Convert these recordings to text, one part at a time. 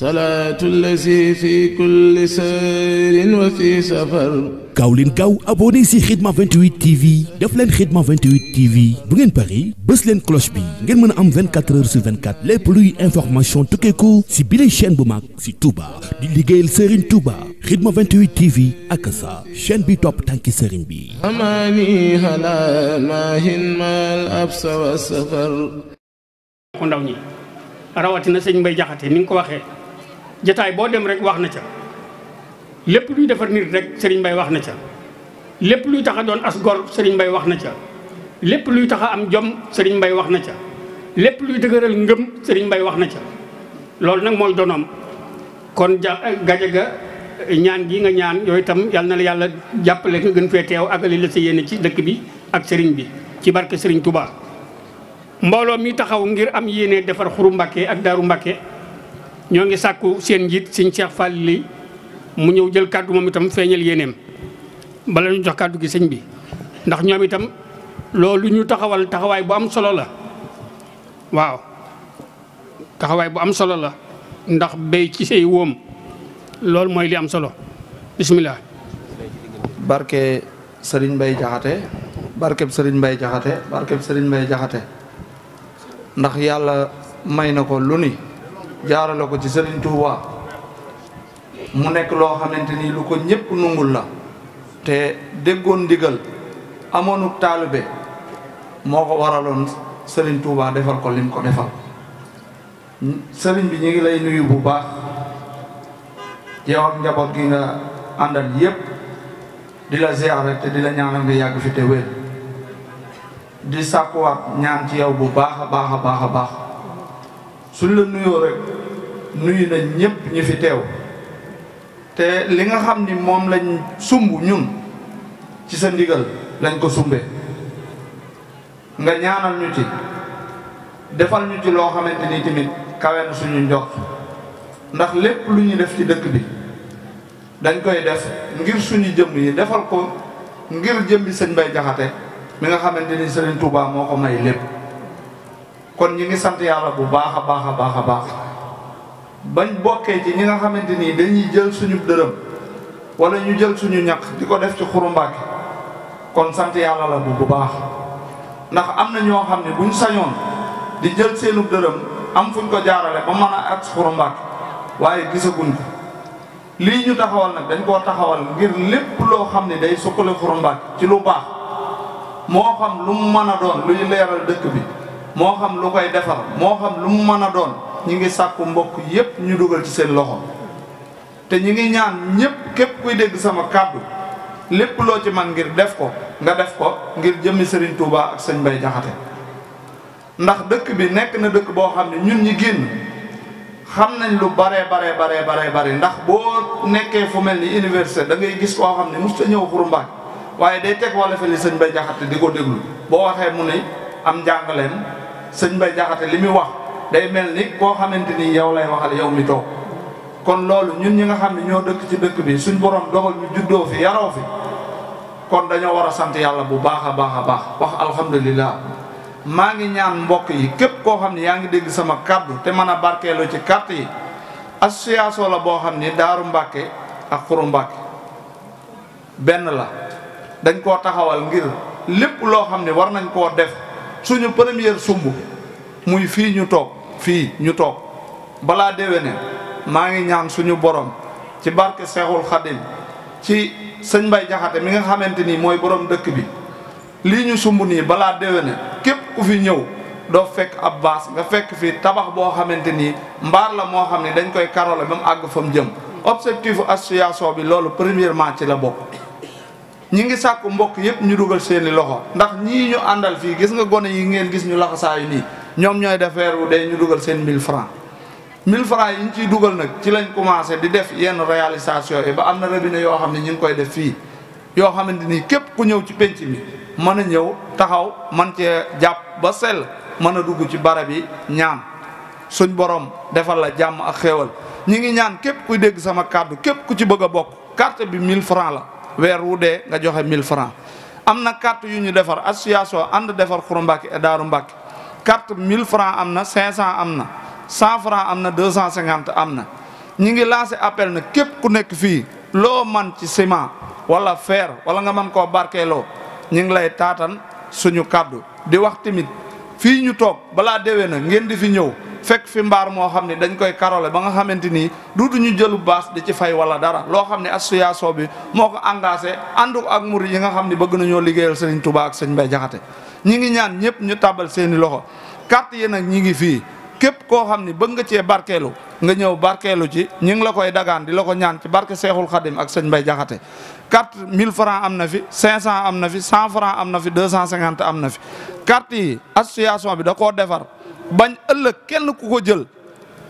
salaatu lazi fi kulli sayrin wa fi safar. gaaw leen gaaw abonné si Khidma 28 TV def leen Khidma 28 TV bu ngeen pari bës leen cloche bi ngeen mën a am 24 heures sur 24 lépp luy information tukkeeku si bile chaîne bu mag si Touba di liggéeyal Serigne Touba Khidma 28 TV ak sa chaîne bi topp tànki Serigne bi. amaani halal maahin maal absa wa safar. ni nga ko waxee. jataay boo dem rek wax na ca lépp luy defar nit rek sëriñ Mbaye wax na ca lépp luy tax a doon as gor Serigne Mbaye wax na ca lépp luy tax a am jom Serigne Mbaye wax na ca lépp luy dëgëral ngëm Serigne Mbaye wax na ca loolu nag mooy donoom kon ja gajaga ñaan gi nga ñaan yooyu itam yal na la yàlla jàppale nga gën fee teew àggale la sa yéene ci dëkk bi ak sëriñ bi ci barke sëriñ Touba. mbooloo mi taxaw ngir am yéene defar xuru Mbàkke ak daaru Mbàkke ñoo ngi sàkku seen njiit sëñ Cheikh Fall li mu ñëw jël kàddu moom itam feeñal yéeneem bala ñu jox kàddu gi sëñ bi ndax ñoom itam loolu ñu taxawal taxawaay bu am solo la waaw taxawaay bu am solo la ndax bay ci say woom loolu mooy li am solo bisimilah. barke Serigne Mbaye Jaxate barke Serigne Mbaye Jaxate barkeb Serigne Mbaye Jaxate ndax yàlla may na ko lu ni jaarale ko ci Serigne Touba mu nekk loo xamante ni lu ko ñëpp nungul la te déggoon ndigal amoonu taalibe moo ko waraloon sëliñ Touba defal ko lim ko defal Serigne bi ñu ngi lay nuyu bu baax yow ak njaboot gi nga àndal yépp di la ziyaare te di la ñaanal nga yàgg fi te wér di sàkkuwaat ñaan ci yow bu baax a baax a baax a baax suñ la nuyoo rek nuyu nañ ñëpp ñu fi teew te li nga xam ni moom lañ sumb ñun ci sa ndigal lañ ko sumbe nga ñaanal ñu ci defal ñu ci loo xamante ni tamit kawe suñu njot ndax lépp lu ñuy def ci dëkk bi dañ koy def ngir suñu jëm yi defal ko ngir jëmbi sëñ Bay Jaxate mi nga xamante ni Sëriñ Tuubaa moo ko may lépp kon ñi ngi sant yàlla bu baax a baax a baax a baax bañ bokkee ci ñi nga xamante ni dañuy jël suñu dërëm wala ñu jël suñu ñaq di ko def ci Xuru kon sant yàlla la bu baax ndax am na ñoo xam ne buñ sañoon di jël seenu dërëm am fuñ ko jaarale ba mën ak Xuru waaye gisaguñ ko lii ñu taxawal nag dañ koo taxawal ngir lépp loo xam ne day suqali Xuru ci lu baax moo xam lu mu mën a doon luy leeral dëkk bi moo xam lu koy defar moo xam lu mu mën a doon ñu ngi sàkku mbokk yépp ñu dugal ci seen loxo te ñu ngi ñaan ñépp képp kuy dégg sama kàddu lépp loo ci man ngir def ko nga def ko ngir jëmmi Serigne Touba ak sëñ Mbaye Jaxate ndax dëkk bi nekk na dëkk boo xam ne ñun ñi génn xam nañ lu bare bare bare bare bare ndax boo nekkee fu mel ni université da ngay gis koo xam ne mosut a ñëw xuru mbaaj waaye day teg wala fa li sëñ Mbaye Jaxate di ko déglu boo waxee mu ne am njàngaleem sëñ Mbaye Jaxate li muy wax day mel ni koo xamante ni yow lay waxal yow mi toog kon loolu ñun ñi nga xam ne ñoo dëkk ci dëkk bi suñ borom dogal ñu juddoo fi yaroo fi kon dañoo war a sant yàlla bu baax a baax a baax wax alhamdulilah maa ngi ñaan mbokk yi képp koo xam ne yaa ngi dégg sama kàddu te mën a barkeeloo ci carte yi association la boo xam ni Daaru Mbàkke ak Xuru Mbàkke benn la dañ koo taxawal ngir lépp loo xam ne war nañ koo def suñu première sumb muy fii ñu toog fii ñu toog balaa déwéne maa ngi ñaan suñu borom ci barke Seexul Xadim ci sëñ Mbay Jaxate mi nga xamante ni mooy borom dëkk bi lii ñu sumb nii balaa déwéne képp ku fi ñëw doo fekk ab baas nga fekk fi tabax boo xamante ni mbaar la moo xam ne dañ koy karole ba mu àgg fa mu jëm objectif association bi loolu premièrement ci la bokk ñi ngi sàkku mbokk yëpp ñu dugal seeni loxo ndax ñii ñu àndal fii gis nga gone yi ngeen gis ñu laxasaayu nii ñoom ñooy def weer wu dee ñu dugal seen 1000 francs 1000 francs yi ñu ciy dugal nag ci lañ commencé di def yenn réalisation yi ba am na robinet yoo xam ne ñu ngi koy def fii yoo xamante ni képp ku ñëw ci penc mi mën a ñëw taxaw man cee jàpp ba sell mën a dugg ci barab yi ñaan suñ borom defal la jàmm ak xéewal ñi ngi ñaan képp kuy dégg sama kàddu képp ku ci bëgg a bokk carte bi mille francs la weer wu dee nga joxe mille francs am na carte yu ñu defar association ànd defar Xuru Mbàkke et Daaru Mbàkke carte 1000 francs am na 500 am na cent francs am na 250 am na ñi ngi lancé appel na képp ku nekk fii loo man ci ciment wala fer wala nga mën koo barkeeloo ñi ngi lay taatan suñu kàddu di wax tamit fii ñu toog balaa déwee na ngeen di fi ñëw fekk fi mbaar moo xam ne dañ koy karole ba nga xamante ni duutu ñu jëlu baas di ci fay wala dara loo xam ne association bi moo ko engagé ànd ak murid yi nga xam ne bëgg nañoo liggéeyal Sëriñ Tuubaa ak sëñ Mbay ñi ngi ñaan ñëpp ñu tàbbal seeni loxo carte yi nag ñi ngi fii képp koo xam ni bëgg nga cee barkeelu nga ñëw barkeelu ci ñi ngi la koy dagaan di la ko ñaan ci barke Seexul Xadim ak sëñ Mbay Jaxate carte mille francs am na fi 500 am na fi 100 francs am na fi 250 am na fi carte yi association bi da koo defar bañ ëllëg kenn ku ko jël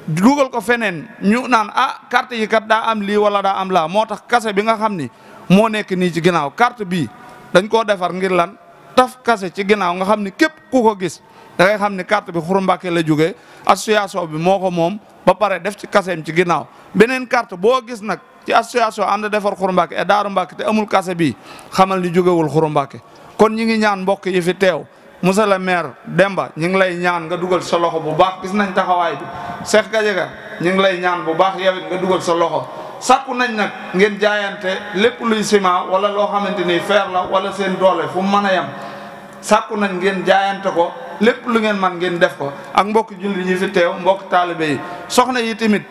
dugal ko feneen ñu naan ah carte yi kat daa am lii wala daa am laa moo tax kase bi nga xam ni moo nekk nii ci ginaaw carte bii dañ koo defar ngir lan taf kase ci ginnaaw nga xam ni képp ku ko gis da ngay xam ni carte bi Xuru Mbàkke la jógee association bi moo ko moom ba pare def ci kaseem ci ginnaaw beneen carte boo gis nag ci association ànd defar Xuru Mbàkke et eh, Daaru Mbàkke te amul kase bii xamal ni jógewul Xuru Mbàkke kon ñi ngi ñaan mbokk yi fi teew monsieur la maire Demba ñi ngi lay ñaan nga dugal sa loxo bu baax gis nañ taxawaay bi Cheikh Gadiaga ñi ngi lay ñaan bu baax yow nga dugal sa loxo sàkku nañ nag ngeen jaayante lépp luy ciment wala loo xamante ni fer la wala seen doole fu mu mën a sàkku nañ ngeen jaayante ko lépp lu ngeen man ngeen def ko ak mbokk julli ñi fi teew mbokk taalibe yi soxna yi tamit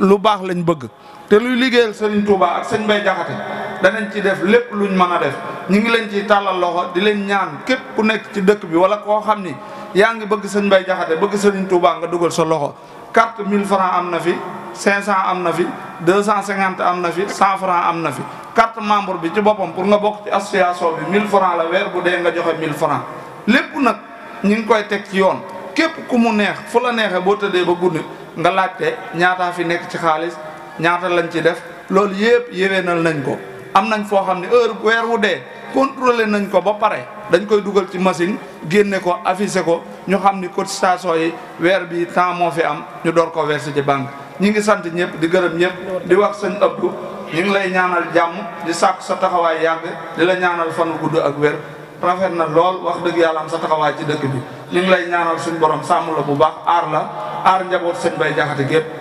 lu baax lañ bëgg te luy liggéeyal Serigne Touba ak sëñ Bay Jaxate danañ ci def lépp luñ mën a def ñu ngi leen ciy tàllal loxo di leen ñaan képp ku nekk ci dëkk bi wala koo xam ni yaa ngi bëgg sëñ Bay Jaxate bëgg Serigne Touba nga dugal sa loxo quatre mille francs am na fi cinq cent am na fi deux cent cinquante am na fi cent francs am na fi carte membre bi ci boppam pour nga bokk ci association bi mille francs la weer bu dee nga joxe mille francs lépp nag ñi ngi koy teg ci yoon képp ku mu neex fu la neexee boo tëddee ba guddi nga laajte ñaataa fi nekk ci xaalis ñaata lañ ci def loolu yëpp nal nañ ko am nañ foo xam ne heure weer wu dee contrôlé nañ ko ba pare dañ koy dugal ci machine génne ko affiché ko ñu xam ni cotisation yi weer bi temps moo fi am ñu door ko verser ci banque ñi ngi sant ñëpp di gërëm ñëpp di wax sëñ Abdou ñu ngi lay ñaanal jàmm di sàkku sa taxawaay yàgg di la ñaanal fan wu gudd ak wér rafet na lool wax dëgg yàlla am sa taxawaay ci dëkk bi ñu ngi lay ñaanal suñ borom sàmm la bu baax aar la aar njaboot sëñ bay jaxate gépp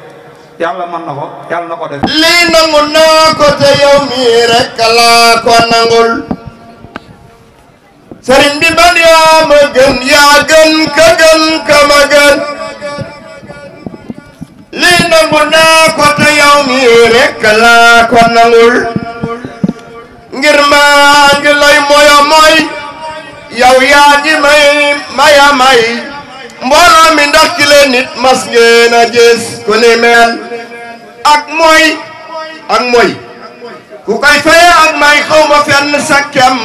yàlla mën na ko yàlla na ko def lii nangu sëriñ bi man yaa ma yaa gën ka gën ka ma gën lii nangu naa ko te rekk laa ko nangul ngir maa ngi lay moyo moy yow yaa ji may maya may mbooloo mi ndax mas ngeen a gis ku ni ak moy ak moy ku koy fayee ak may xaw ma fenn sakkem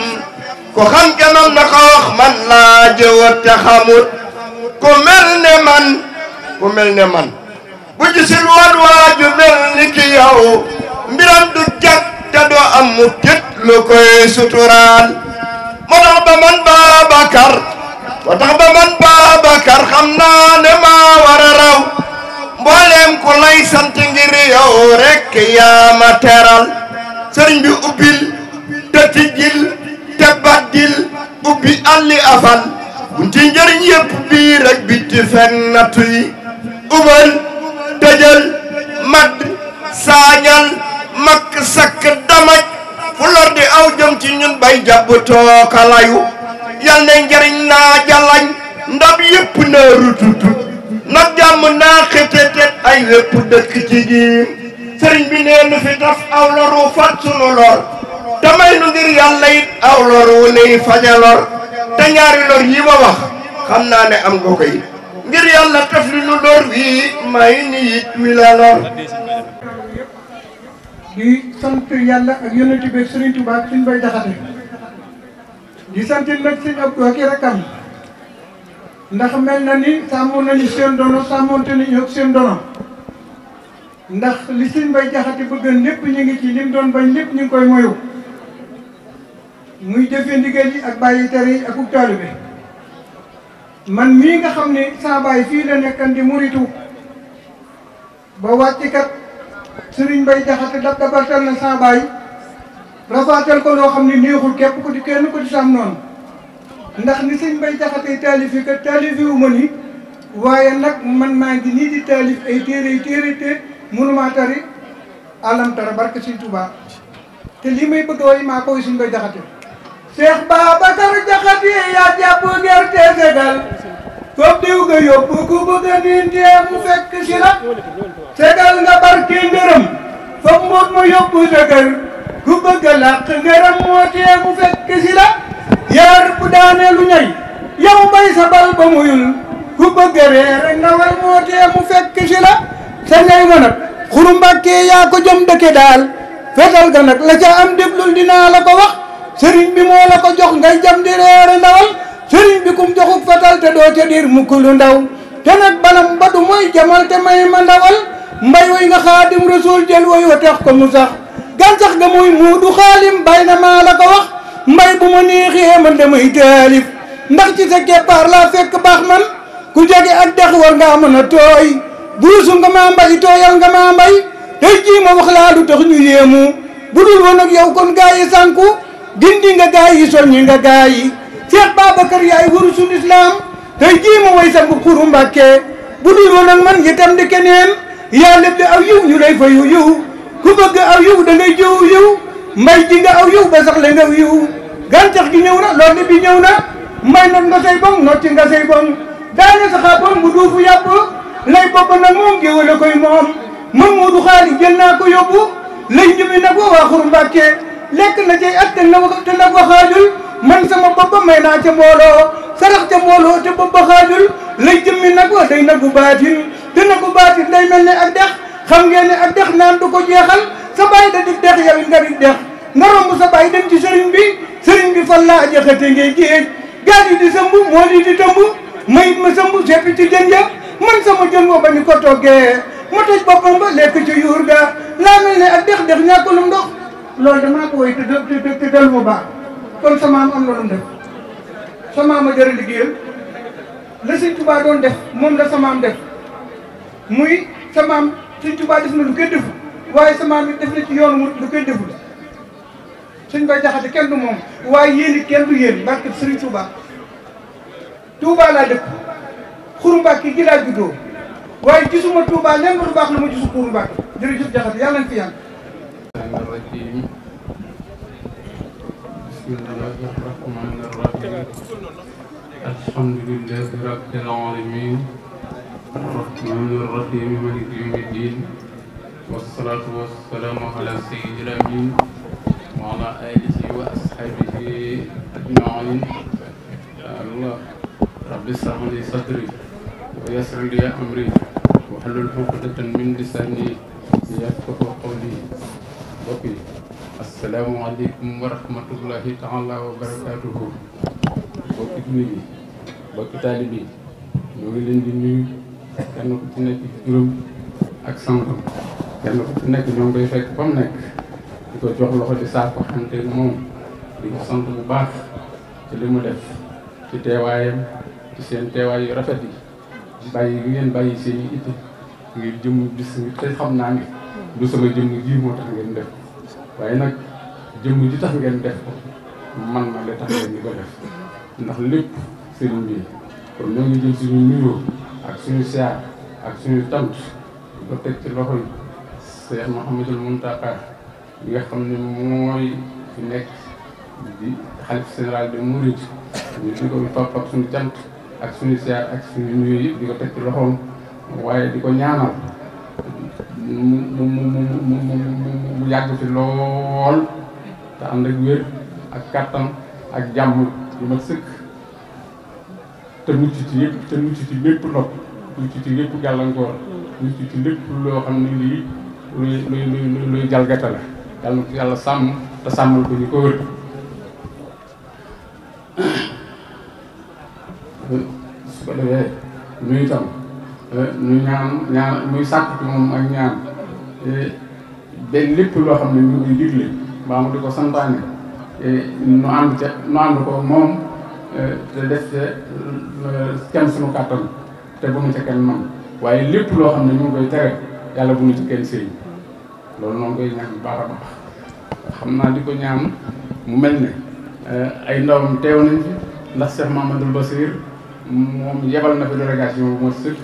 ku xam ke man na ko man laa jëwat te xamut ku mel ne man ku mel ne man bu gisul woon waaju mel ni ki yow mbiram du jag te doo am mu tit lu koy suturaal moo tax ba man Babacar moo tax ba man Babacar xam naa ne maa a raw mbooleem ku lay sant ngir yow rekk yaa teral sëriñ bi ubbil te tijjil alli afan bunti njëriñ yëpp biir ak bitti fenn nattu yi umal dëjal madd saañal makk sakk damaj fu lor di aw jëm ci ñun bay jàpp tookalayu yal ne njëriñ naa jalañ ndab yëpp naa rututu na jàmm naa xetetet ay wépp dëkk ci jiim sëriñ bi nee nu fi taf aw loru fat sunu lor damay nu ngir yàlla it aw lor wu nuy faña lor te ñaari lor yi ma wax xam naa ne am nga ko ngir yàlla taf li nu lor wi may ni it la lor di sant yàlla ak yonent bi Serigne Touba ak suñ bay jaxate di sant nag sëñ Abdou ak i rakkam ndax mel na ni sàmmoon nañu seen dono sàmmoonte ni ñoog seen dono ndax li suñ bay jaxate bëgg lépp ñu ngi ci li doon bañ lépp ñu ngi koy moyu muy jëfee ndigal yi ak bàyyi tere yi ak taalibe man mii nga xam ni saa baay fii la nekkan di muritu ba wàcc kat sëriñ Mbay Jaxate dab dabartal na saa rafaatal ko loo xam ne néexul képp ku di kenn ku di sam noonu ndax ni sëñ Mbay Jaxate taalifi kat taalifi wu ma waaye nag man maa ngi nii di taalif ay téere ay téere te mënumaa tari alam tara barke Sëriñ Tuubaa te li may bëgg way maa koy sëñ Mbay Jaxate Cheikh Babacar Jaxate yaa jàpp gerte segal foofu diw nga yóbbu ku bëgg a niintee mu fekk si la segal nga barke ngërëm foofu mboot ma yóbbu sa ku bëgg làq ngërëm moo tee mu fekk si la yaar bu daane ñay yow bay sa bal ba muyul ku bëgg a reer nawal moo tee mu fekk si la sa ñay ma nag xuru mbàkkee yaa ko jom dëkke daal fetal ga nag la ca am déglul dinaa la ko wax sëriñ bi moo la ko jox ngay jam di reere ndawal sëriñ bi kum joxub fatal te doo ca diir mukk ndaw te nag banam ba du mooy jamal te may ma ndawal mbay woy nga xaadim rasul jël woy wa tax ko mu sax gàncax ga muy muudu xaalim bay na maa la ko wax mbay bu ma neexee man damay taalif ndax ci sa keppaar laa fekk baax man ku jege ak dex war ngaa mën a tooy buusu nga maa mbay tooyal nga maa mbay tey jii ma wax laa lu tax ñu yéemu bu dul gindi nga gaay yi soññi nga gaay yi Cheikh Babacar yaay waru suñu islam tey jii ma way sangu xuru Mbàkke bu dul woon ak man itam di keneen yaa lépp aw yiw ñu lay fayu yiw ku bëgg aw yiw da ngay jëw mbay ji aw yiw ba sax la nga yiw gi ñëw na loolu bi ñëw na mbay not nga say bong not ci nga say bong daane saxaa bong bu duufu yàpp lay bopp nag moom géwél a koy moom man Moodu xaali jël naa ko yóbbu lay njëmi nag waa xuru Mbàkke lekk la cay at te la te la ko xaajul man sama bopp may naa ca mbooloo sarax ca mbooloo te bopp xaajul lay jëmmi nag wa day nagu baatin te nagu baatin day mel ne ak dex xam ngeen ak dex naan du ko jeexal sa bàyyi da di dex yow it nga di dex nga romb sa bàyyi dem ci sëriñ bi sëriñ bi fan laa jaxate ngay géej gaal yi di sëmb moo di di tëmb may ma sëmb seppi ci jën ya man sama jën woo ba ñu ko toggee ma toj boppam ba lekk ci yuur ga laa loolu damaa ko woy te te te dellu ma baax kon sa am la doon def sa maam a jëriñ liggéeyal la sëñ Tuubaa doon def moom la sa def muy sa maam sëñ Tuubaa def na lu kenn defu waaye sa sëñ Ba Jaxate kenn du moom waaye yéen it kenn du yéen barke sëriñ Tuubaa Tuubaa laa dëkk Xuru Mbàkke gi laa juddoo waaye gisuma Tuubaa lenn lu baax lu ma gisu Xuru Mbàkke jërëjëf Jaxate yàlla na fi yàlla الرحمن الرحيم بسم الله الرحمن الرحيم الحمد لله رب العالمين الرحمن الرحيم مالك يوم الدين والصلاة والسلام على سيد الأمين وعلى آله وأصحابه أجمعين يا الله رب اشرح لي صدري ويسر لي أمري واحلل عقدة من لساني يفقه mbokk yi asalaamualeykum wa rahmatullahi taala wa barakaatuhu mbokki jullit yi mbokki taalib ñoo ngi leen di nuyu kenn ku ci nekk juróom ak santam kenn ku ci nekk ñoo ngi koy fekk ba nekk di ko jox loxo di saako xamante moom di bu baax ci mu def ci teewaayam ci yu rafet yi bàyyi i itte ngir jëmm bis sama jëmm ji moo tax ngeen def waaye nag jëmm ji tax ngeen def ko man na li tax ngeen di ko def ndax lépp sëriñ bi kon ñoo ngi jël suñu nuyoo ak suñu siyaar ak suñu tant ko teg ci loxoy Seex Muhammadul Muntaqa bi nga xam ni mooy fi nekk di xalif général de Mouride ñu di ko fab ak suñu cant ak suñu siyaar ak suñu nuyoo di ko teg ci loxoom waaye di ko ñaanal mu mu mu mu yàgg fi lool te ànd ak wér ak kàttan ak jàmm yu ma sëkk te mucc ci yëpp te mucc ci lépp nopp mucc ci lépp gàllankoor mucc ci lépp loo xam ne lii luy luy luy luy jalgate la yàlla na ko yàlla sàmm te sàmmal ko ñu ko wër su ko defee nuyu tam ñu ñaan ñaan muy sàkk moom ak ñaan e, benn lépp loo xam ne ñu ngi digle mbaa mu di ko santaane e, nu ànd ca nu ànd ko moom e, te def ca kenn kàttan te bu mu ca kenn man waaye lépp loo xam ne ñu ngi koy tere yàlla bu mu ci kenn sëy loolu noonu koy ñaan bu xam naa di ko ñaan mu mel ne ay ndawam teew nañ fi ndax Cheikh Mamadou Basir moom yebal na fi délégation bu ma sëkk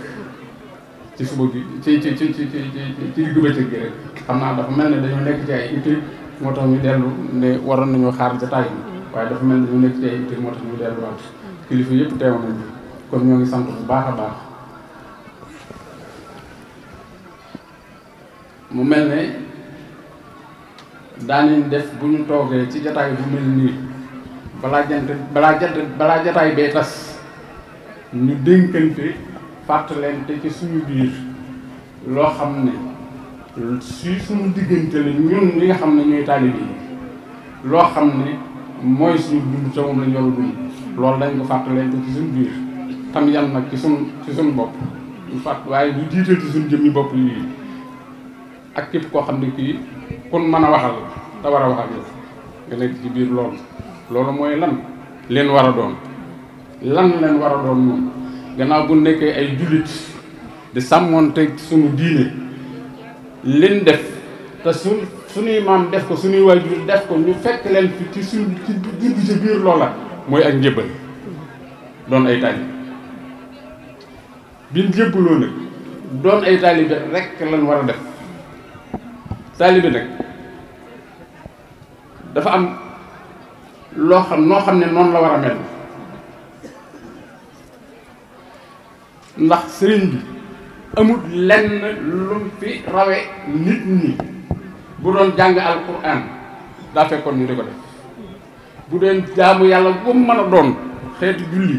ci suba gi ci ci ci ci ci diggu bëccëg gi rek xam naa dafa mel ne dañoo nekk ci ay utile moo tax ñu dellu ne waroon nañu xaar jataay bi waaye dafa mel ne dañoo nekk ci ay utile moo tax ñu delluwaat kilifa yëpp teew nañu kon ñoo ngi sant bu baax a baax mu mel ne daanañ def bu ñu toogee ci jataay bu mel nii balaa jant balaa jataay bee tas ñu dénkante fàttalante ci suñu biir loo xam ne si suñu diggante la ñun li nga xam ne ñooy taalibe yi loo xam ne mooy suñu dund te moom la ñu a dund loolu dañ ko fàttalante ci suñu biir tam yal nag ci suñu ci suñu bopp ñu fàtt waaye ñu jiital ci suñu jëmmi bopp yi ak képp koo xam ne kii kon mën a waxal te war ci biir loolu loolu mooy lan leen war a doon lan leen war a doon moom gannaaw bu nekkee ay jullit di sàmmoonte suñu diine lin def te suñ suñuy maam def ko suñuy waajur def ko ñu fekk leen fi ci suñ ci dugg ci biir loola mooy ak njëbbal doon ay taalibe bi njëbbaloo nag doon ay taalibe rekk lañ war a def taalibe nag dafa am loo xam noo xam ne noonu la war a mel ndax sëriñ bi amut lenn lum fi rawe nit ñi bu doon jàng alquran daa fekkoon nu di ko def bu doon jaamu yàlla bu mën a doon xeetu julli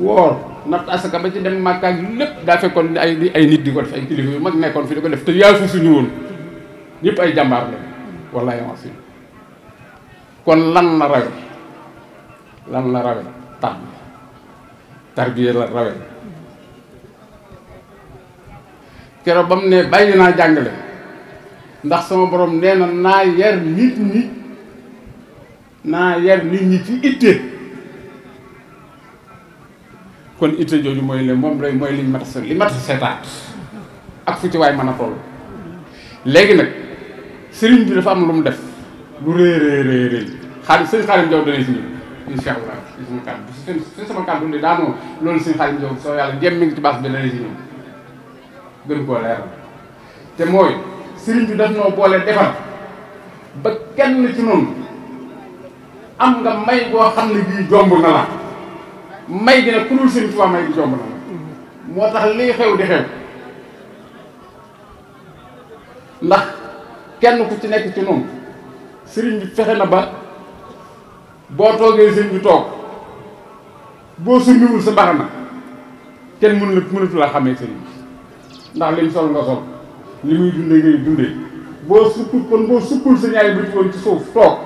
woor natt asaka ba ci dem màkka lépp daa fekkoon ay ay nit di ko def ay kilifa yu mag nekkoon fi di ko def te yaafu suñu woon ñëpp ay jàmbaar la wallaay wax kon lan la rawe lan la rawe tarbiya la rawe keroog ba mu ne bàyyi naa jàngale ndax sama boroom nee na naa yar nit ñi naa yar nit ñi ci itte kon itte jooju mooy le moom lay mooy liñ mat a li mat a seetaat ak fu ci waay mën a toll léegi nag sëriñ bi dafa am lu mu def lu rëy rëy rëy rëy xaalis sëñ xaalis Jaw dana si ñëw incha allah si kàddu si daanoo loolu sëñ xaalis Jaw soo yàlla jéem mi ngi ci baas bi dana si ñëw gën koo leeral te mooy sëriñ bi daf noo boole defar ba kenn ci noonu am nga may boo xam ne bii jomb na la may gi nag ku dul sëriñ moo tax lii xew ndax kenn ku ci nekk ci noonu sëriñ bi fexe na ba boo toogee sëriñ bi toog boo summiwul sa mbaxana kenn mënu la mënatu la xamee sëriñ ndax lim sol nga sol li muy dundee ngay dundee boo suppul kon boo suppul sa ñaari bëti woon ci suuf toog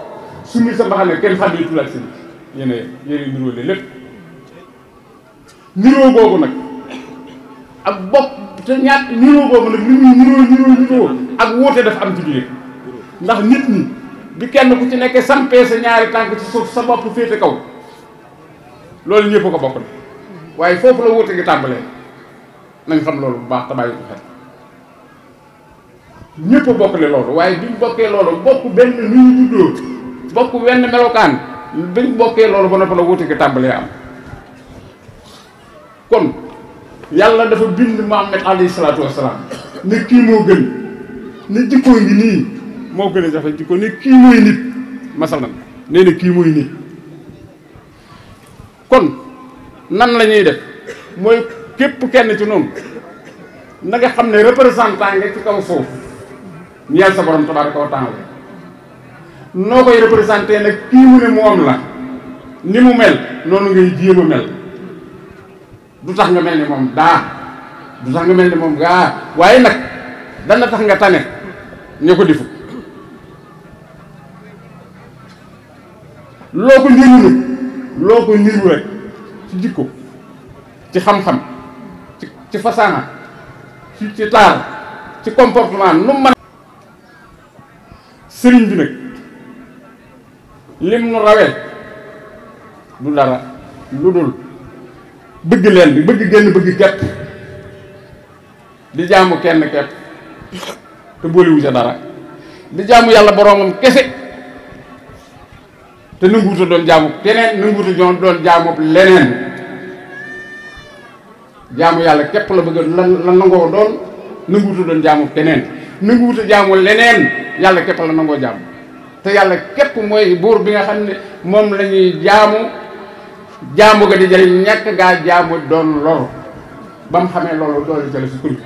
summi sa mbaxane kenn xam ne tulaat si yéen a boobu nag ak bopp te ñaat niroo boobu nag li muy ak wóote dafa am ci biir ndax nit ñi bi kenn ku ci nekkee sampee sa ñaari tànk ci suuf sa bopp féete kaw loolu ñëpp ko bokk na waaye foofu la wóote gi tàmbalee nañ xam loolu bu baax te bàyyi ko xel ñëpp a bokkale loolu waaye duñ bokkee loolu bokk benn nu ñu bokk wenn melokaan duñ bokkee loolu ba noppi la wuute ki tàmbalee am kon yàlla dafa bind Muhammad alayhi wasalaam ne kii moo gën ne jikkoo ngi nii moo gën a jafe jikko ne kii mooy nit masalan nee kii mooy nit kon nan la def mooy képp kenn ci noonu na nga xam ne représentant nga ci kaw suuf ñu sa borom tabaaraka wa taala noo koy représenté nag kii mu ne moom la ni mu mel noonu ngay jéem a mel du tax nga mel ni moom daa du tax nga mel ni moom gaa waaye nag dana tax nga tane ñu ko difu loo ko niru nag loo ko niru rek ci jikko ci xam-xam ci façana ci ci taar ci comportement nu mën sëriñ bi nag lim nu rawee du dara lu dul bëgg leen bi bëgg génn bëgg kepp di jaamu kenn ket te booliwu sa dara di jaamu yàlla boroomam kese te nanguwuta doon jaamu keneen nanguwuta doon jaamu leneen jaamu yàlla képp la bëgg lan la nangoo doon nanguutu doon jaamu keneen nanguutu jaamu leneen yàlla képp la nangoo jaamu te yàlla képp mooy buur bi nga xam ne moom la jaamu jaamu ga di jëriñ ñàkk gaa jaamu doon lor ba mu xamee loolu doolu jële si kuñ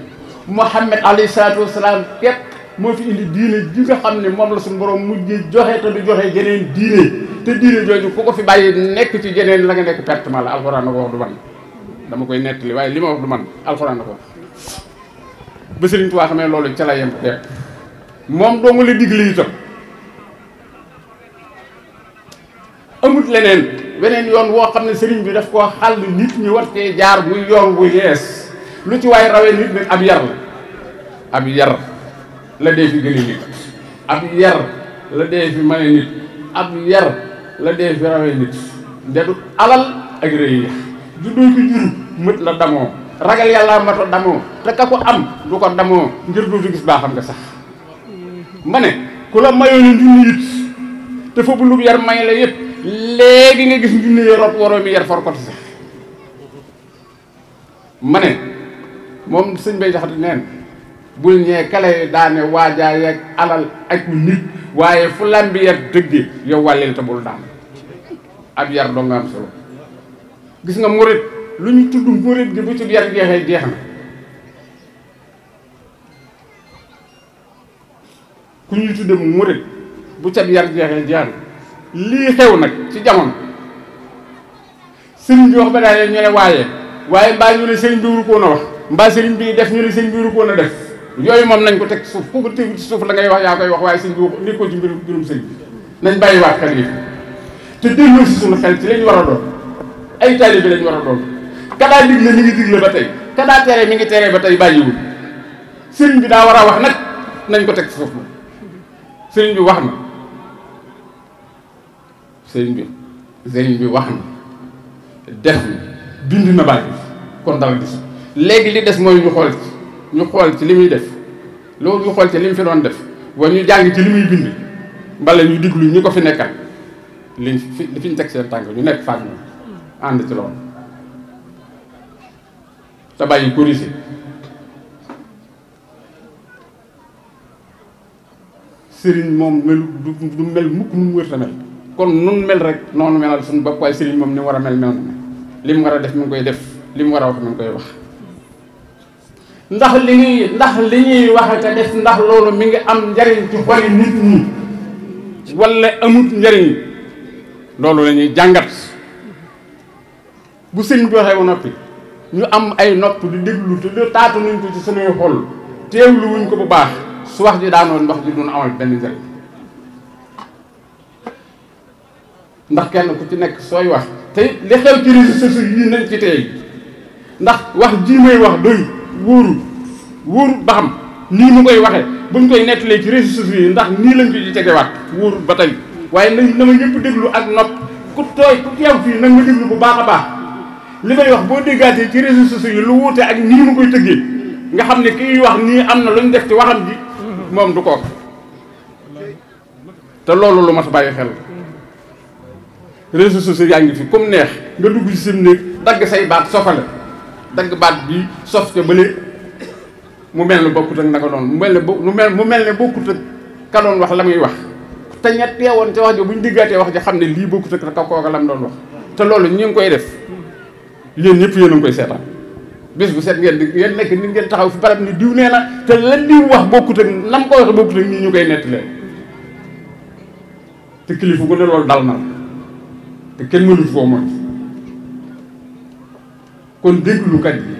Muhammad alayhi salaatu wasalaam képp moo fi indi diine ji nga xam ne moom la suñu borom mujjee joxe te du joxe jeneen diine te diine jooju ku ko fi bàyyi nekk ci jeneen la nga nekk pertement la alxuraan na ko du ban dama koy nettali waaye li ma wax du man alxuraan la ko ba Sëriñ Tuubaa xamee loolu ca la yem moom doo nga la digle itam amut leneen weneen yoon woo xam ne sëriñ bi daf koo xàll nit ñi war jaar muy yoon bu yees lu ci waay rawee nit nag ab yar la ab yar la dee fi gën a nit ab yar la dee fi mane nit ab yar la dee fi rawee nit ndedu alal ak rëy juddoo ko jur mët la damoo ragal yàllaa mato damoo te ka ko am du ko damoo ngir dootu gis baaxam nga sax ma ku la mayoon junni it te fa bu lu yar may la yëpp nga gis junni yi rob yar for ko sax ma ne moom sëñ bay jaxati neen bul ñee kale daane waajaay ak alal ak nit waaye fu lambi yar dëgg yow wàllil te bul daan ab yar doo nga am solo gis nga murit lu ñu tudd murit gi bu ci yàq jeexee na ku ñuy tudde mu murit bu cab yar jeexee jeex na lii xew nag ci jamono sëriñ bi wax ba daanee ñu ne waaye waaye mbaa ñu ne sëriñ bi wuru koon wax mbaa sëriñ bi def ñu ne sëriñ bi wuru koon a def yooyu moom nañ ko teg suuf ku ko tegu ci suuf la ngay wax yaa koy wax waaye sëriñ bi wax ko ci mbirum mbirum sëriñ bi nañ bàyyi waat xel yi te déglu si suñu xel ci lañ war a doon ay bi lañ war a doon kadaa digle mi ngi digle ba tey kadaa tere mi ngi tere ba tey bàyyiwul sëriñ bi daa war a wax nag nañ ko teg suuf la sëriñ bi wax na sëriñ bi sëriñ bi wax na def na bind na bàyyi kon dara gis léegi li des mooy ñu xool ci ñu xool ci li muy def loolu ñu xool ci li mu fi doon def wala ñu jàng ci li muy bind mbala ñu diglu ñu ko fi nekkal liñ fi li fi ñu teg seen tànk ñu nekk fànn ànd ci loolu te bàyyi corriger sëriñ moom melu du mel mukk nu mu wër ta mel kon nun mel rek noonu melal suñu bopp waaye sëriñ moom ni war a mel mel na li mu war a def mi koy def li mu war a mi ngi koy wax ndax li ñuy ndax li ñuy wax def ndax loolu mi ngi am njariñ ci xoli nit ñi walla amut njariñ loolu la ñuy jàngat bu sëriñ bi waxee ba noppi ñu am ay nopp di déglu te di taatu nañ ko ci sunuy xol teewlu wuñ ko bu baax su wax ji daanoon wax ji dun amal benn njëriñ ndax kenn ku ci nekk sooy wax te li xew ci réseaux sociaux yi nañ ci ndax wax ji may wax doy wóoru wóoru ba nii mu koy waxee buñ koy nettalee ci réseaux sociaux yi ndax nii lañ ko ci tegewaat wóoru ba tey waaye nañ na ma ñëpp déglu ak nopp ku tooy ku teew fii nag ma déglu bu baax a baax li may wax boo déggaatee ci réseaux sociaux yi lu wuute ak nii mu koy tëggee nga xam ne kii wax nii am na lu ñu def ci waxam ji moom du ko te loolu lu mat a bàyyi xel réseaux sociaux yaa ngi fi comme neex nga dugg ci sim néeg dagg say baat sofale dagg baat bi sof ca bële mu mel ne bokkut ak naka noonu mu mel ne mu mel mu mel ne bokkut ak ka doon wax la muy wax te ña teewoon ca wax ji bu ñu déggaatee wax ji xam ne lii bokkut ak ka kooka la mu doon wax te loolu ñu ngi koy def yéen ñëpp yéen a ngi koy seetaan bés bu set ngeen di ngeen nekk nit ngeen taxaw fu barab ni diw nee na te lan diw wax bokkut ak nam ko wax bokkut ak ñi ñu koy nettalee te kilifa gu ne loolu dal na te kenn mënu foo mooy kon déglukat yi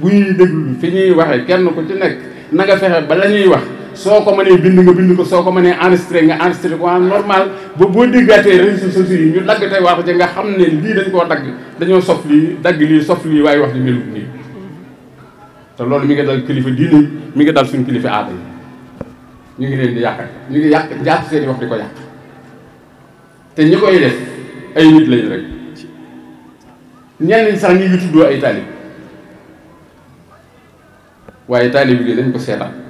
bu ñuy déglu fi ñuy waxee kenn ku ci nekk na nga fexe ba la ñuy wax soo ko mënee bind nga bind ko soo ko mënee enregistré nga enregistré ko en normal boo déggaatee réseaux sociaux yi ñu dagg tey waaxu ca nga xam ne lii dañ koo dagg dañoo sof lii dagg lii sof lii waaye wax ni melut nii te loolu mi ngi dal kilifa diine mi ngi dal suñu kilifa aada yi ñu ngi leen di yàq ñu ngi yàq jàpp seen wax di ko yàq te ñi koy def ay nit lañ rek ñenn sax ñu ngi tuddoo ay taalib waaye taalib gi dañ ko seetaan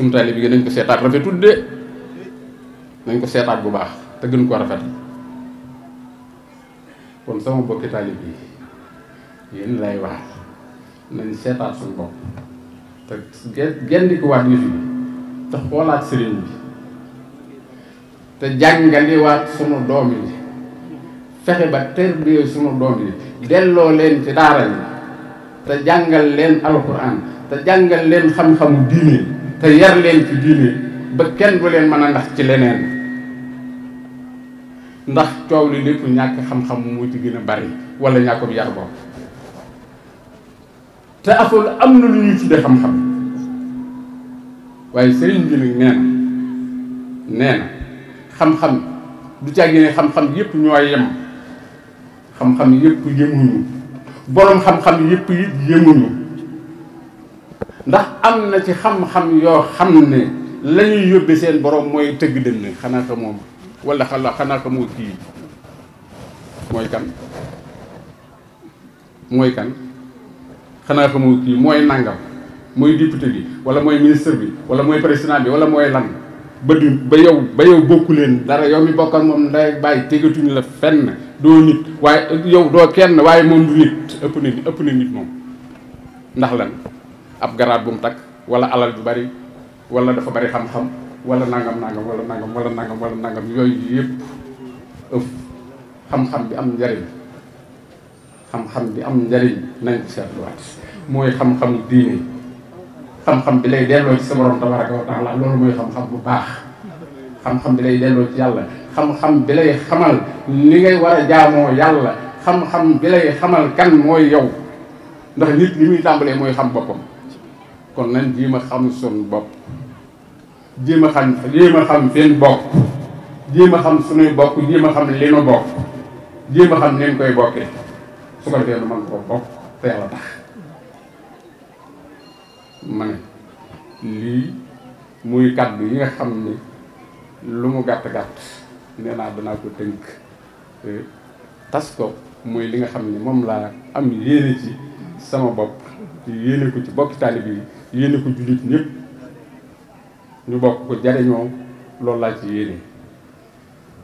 sunu taali bi nañ ko seetaat rafetul de nañ ko seetaat bu baax te gën koo rafet kon sama bokki taali bi yéen lay wax nañ seetaat suñ bopp te genn di ko waat yëf yi te xoolaat sëriñ bi te jàngaliwaat sunu doom yi fexe ba terbiyee sunu doom yi delloo leen ci daara yi te jàngal leen alxuraan te jàngal leen xam-xamu diine te yar leen ci diine ba kenn du leen mën a ndax ci leneen ndax coow li lépp ñàkk xam-xam moo ci gën a bari wala ñàkkum yar bopp te aful am na lu ñuy tudde xam-xam waaye sëriñ bi nag nee na nee na xam-xam du càgg ne xam-xam yépp ñoo yem xam-xam yépp yemuñu boroom xam-xam yépp it yemuñu ndax am na ci xam-xam yoo xam ne la ñuy yóbbe seen boroom mooy tëgg dënn xanaa ko moom wala xala xanaa ko moo kii mooy kan mooy kan xanaa ko moo kii mooy nangam mooy député bi wala mooy ministre bi wala mooy président bi wala mooy lan ba du ba yow ba yow bokku leen dara yow mi bokkan moom nday bàyyi tegatuñu la fenn doo nit waaye yow doo kenn waaye moom du nit ëpp na ëpp na nit moom ndax lan ab garaat bu mu takk wala alal bu bari wala dafa bari xam-xam wala nangam nangam wala nangam wala nangam wala nangam yooyu yëpp xam-xam bi am njariñ xam-xam bi am njariñ nañ ko seetluwaat xam-xam bi lay delloo ci sa borom tabaraka mooy xam-xam bu baax xam-xam bi lay delloo ci yàlla xam-xam bi lay xamal li ngay war a jaamoo yàlla xam-xam bi lay xamal kan mooy yow ndax nit li muy tàmbalee mooy xam boppam kon nañ jéem a xam suñu bopp jéem a xam jéem a xam seen bopp jéem a xam suñuy bopp jéem a xam li nu bokk jéem a xam neen koy bokkee su ko defee nu mën koo bokk te yàlla tax ma lii muy kàddu yi nga xam ni lu mu gàtt-gàtt nee naa danaa ko tënk tas ko mooy li nga xam ni moom laa am yéene ci sama bopp yéene ko ci bokki taalib yi yéene ko jullit ñëpp ñu bokk ko jariñoo loolu laa ci yéene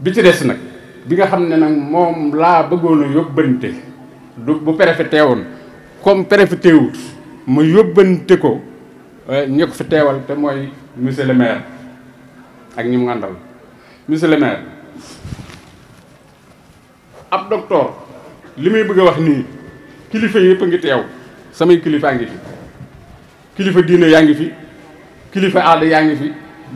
bi ci des nag bi nga xam ne nag moom laa bëggoon a yóbbante du bu préfet teewoon comme préfet teewut ma yóbbante ko eh, ñi ko fi teewal te mooy monsieur le maire ak ñi mu àndal monsieur le maire ab docteur li muy bëgg a wax nii kilifa yëpp a ngi teew samay kilifaa ngi fi kilifa diine yaa ngi fi kilifa aada yaa ngi fi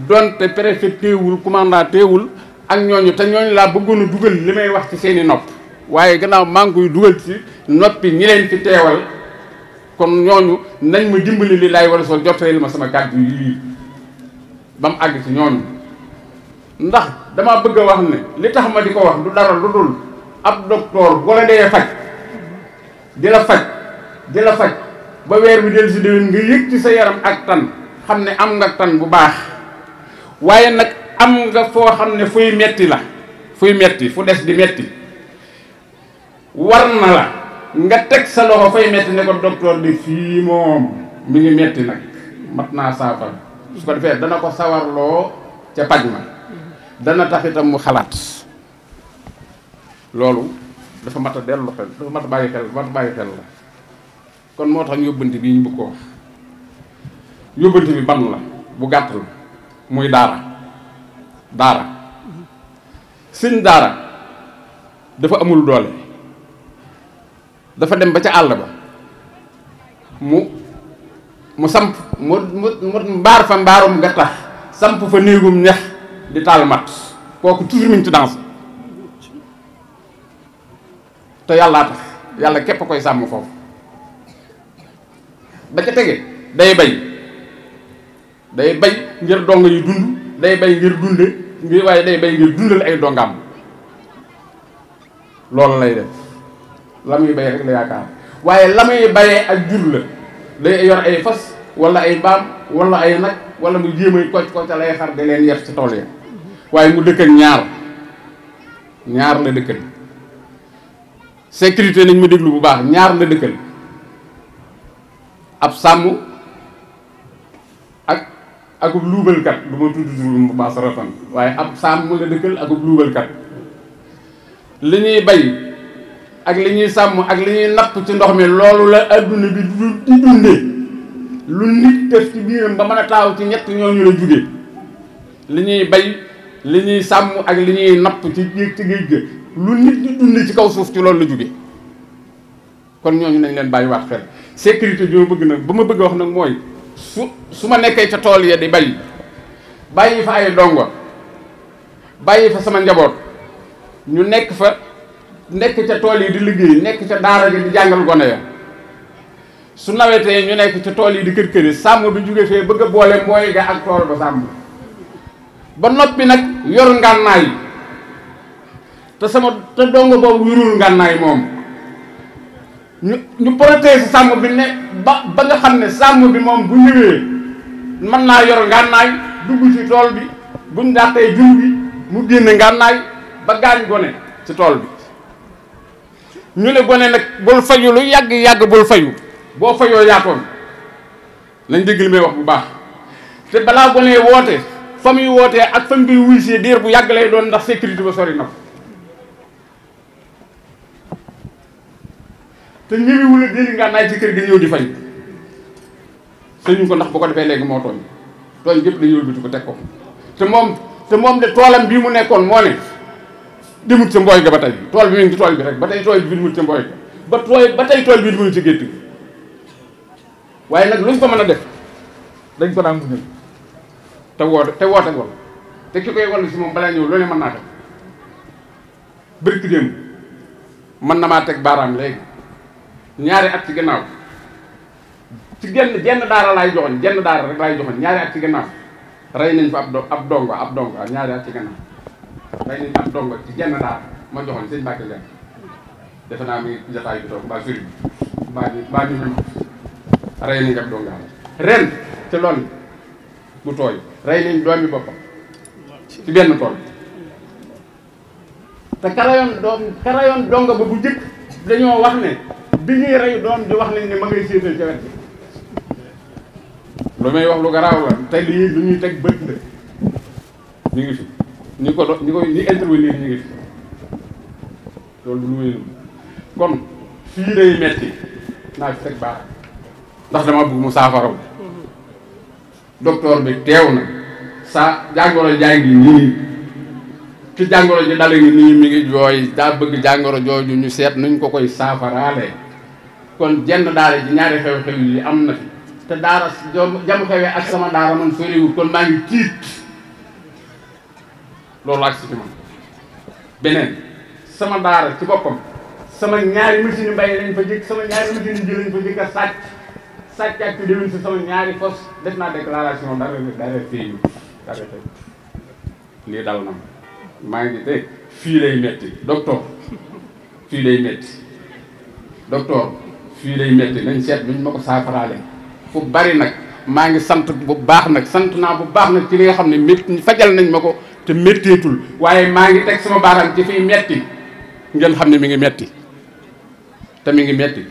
donte préfet téewul commandant téewul ak ñooñu te ñooñu laa bëggoon a dugal li may wax ci seeni nopp waaye gannaaw maa ngi dugal ci noppi ñi leen ci teewal kon ñooñu nañ ma dimbali li laay wala soo jottaleel ma sama kàddu yii ba mu àgg ci ñooñu ndax dama bëgg a wax ne li tax ma di ko wax du dara lu dul ab docteur bu la dee faj di la faj di la faj ba weer bi del si déwén nga yëg ci sa yaram ak tan xam ne am nga tan bu baax waaye nag am nga foo xam ne fuy metti la fuy metti fu des di metti war na la nga teg sa loxo fay metti ne ko docteur di fii moom mi ngi metti nag mat naa saafara su ko defee dana ko sawarloo ca paj ma dana tax itam mu xalaat loolu dafa mat a dellu xel dafa mat a bàyyi xel mat a bàyyi xel la kon moo tax yóbbante bi ñu bëgg ko wax yóbbante bi ban la bu gàtt la muy daara daara sëñ daara dafa amul doole dafa dem ba ca àll ba mu mu samp mu mu mbaar fa mbaarum gattax samp fa néegum ñax di taal mat kooku toujours mi ngi ci te yàllaa tax yàlla képp koy sàmm foofu ba ca tege day bañ day bañ ngir dong yu dund day bay ngir dunde ngir waaye day bay ngir dundal ay dongam loolu lay def la muy bay rek la yaakaar waaye la muy bayee ak jur la day yor ay fas wala ay baam wala ay nag wala mu jéem ay kocc kocc lay xar di leen yar ci tool ya waaye mu dëkk ak ñaar ñaar la dëkkal sécurité nañ ma déglu bu baax ñaar la dëkkal ab sàmm ak akub luubalkat du ma tudd mu baax saratan waaye ab sàmm la dëkkal akub luubalkat li ñuy bay ak li ñuy sàmm ak li ñuy napp ci ndox mi loolu la adduna bi di dundee lu nit def ci biiram ba mën a taaw ci ñett ñooñu la jugee li ñuy bay li ñuy sàmm ak li ñuy napp ci géej ci lu nit di dund ci kaw suuf ci loolu la jugee kon ñooñu nañ leen bàyyiwaat xel sécurité bi ma bëgg nag ba ma bëgg wax nag mooy su su ma nekkee ca tool ya di bay bàyyi fa ay dongo bàyyi fa sama njaboot ñu nekk fa nekk ca tool yi di liggéey nekk ca daara ji di jàngal gone ya su nawetee ñu nekk ca tool yi di kër këri sàmm bi jóge fee bëgg a boole moo ga ak tool ba sàmm ba noppi nag yor ngànnaay te sama te dongo boobu yorul ngànnaay moom ñu ñu protéger sàmm bi ne ba ba nga xam ne sàmm bi moom bu ñëwee mën naa yor ngànnaay dugg ci tool bi buñ dàqee jur bi mu génn ngànnaay ba gaañ gone ci tool bi ñu ne gone nag bul fayu lu yàgg yàgg bul fayu boo fajoo yaatoon lañ dégg li may wax bu baax te balaa gone woote fa muy wootee ak fa muy wuysee dee bu yàgg lay doon ndax sécurité ba sori na te ñëwewul ak léegi nga naay ci kër gi ñëw di fay sëñu ko ndax boo ko defee léegi moo tooñ tooñ gépp dañu yëlbatu ko teg ko te moom te moom de toolam bii mu nekkoon moo ne demut sa mbooy ga ba tool bi mu ngi tool bi rek ba tey tool bi demut sa mbooy ga ba tooy ba tey tool bi demut ci gétt gi waaye nag luñ ko mën a def dañ ko daan gunge te woote te woote wal te ki koy wall si moom balaa ñëw loolu mën naa def bërki démb mën na maa teg baaraam léegi ñaari at ci gannaaw ci genn jenn daara laay joxoon jenn daara rek laay joxoon ñaari at ci gannaaw rey nañ fa ab do ab dongo ab dongo ak ñaari at ci gannaaw rey nañ ab dongo ci ma joxoon sëñ Mbàkke naa mi jotaay bi toog mbaa suri mbaa ñu nañ ab ren ci loolu bu tooy rey nañ doomi boppam ci benn tool te karayoon doom karayoon dongo ba bu jëkk dañoo wax ne bi ñuy rey doom ji wax nañ ne ma ngay séetal ca bi lu may wax lu garaaw la tey lii lu ñuy teg bët la ñu ngi fi ñi ko do- ko ñi intervenir ñu ngi fi loolu lu kon fii day metti naa fi teg baax ndax dama bëgg mu saafaraw docteur bi teew na saa jàngoro jaa ngi nii ci jàngoro ji dale ngi nii mi ngi jooy daa bëgg jàngoro jooju ñu seet nuñ ko koy saafaraale kon jenn daara ji ñaari xew-xew yi am na fi te daara jam yi ak sama daara man soriwul kon maa ngi tiit loolu ak si ci beneen sama daara ci boppam sama ñaari machine mbay lañ fa jëkk sama ñaari machine ji lañ fa jëkk a sàcc sàcc ak ci si sama ñaari fos def naa déclaration dara dara fii dara fii dal na maa ngi dégg fii lay metti docteur fii lay metti docteur fii day métti nañ seet bi ma ko saafaraale fu bari nag maa ngi sant bu baax nag sant naa bu baax nag ci li nga xam ne métti fajal nañ ma ko te metteetul waaye maa ngi teg sama baaraam ci fiy metti ngeen xam ne mi ngi metti te mi ngi metti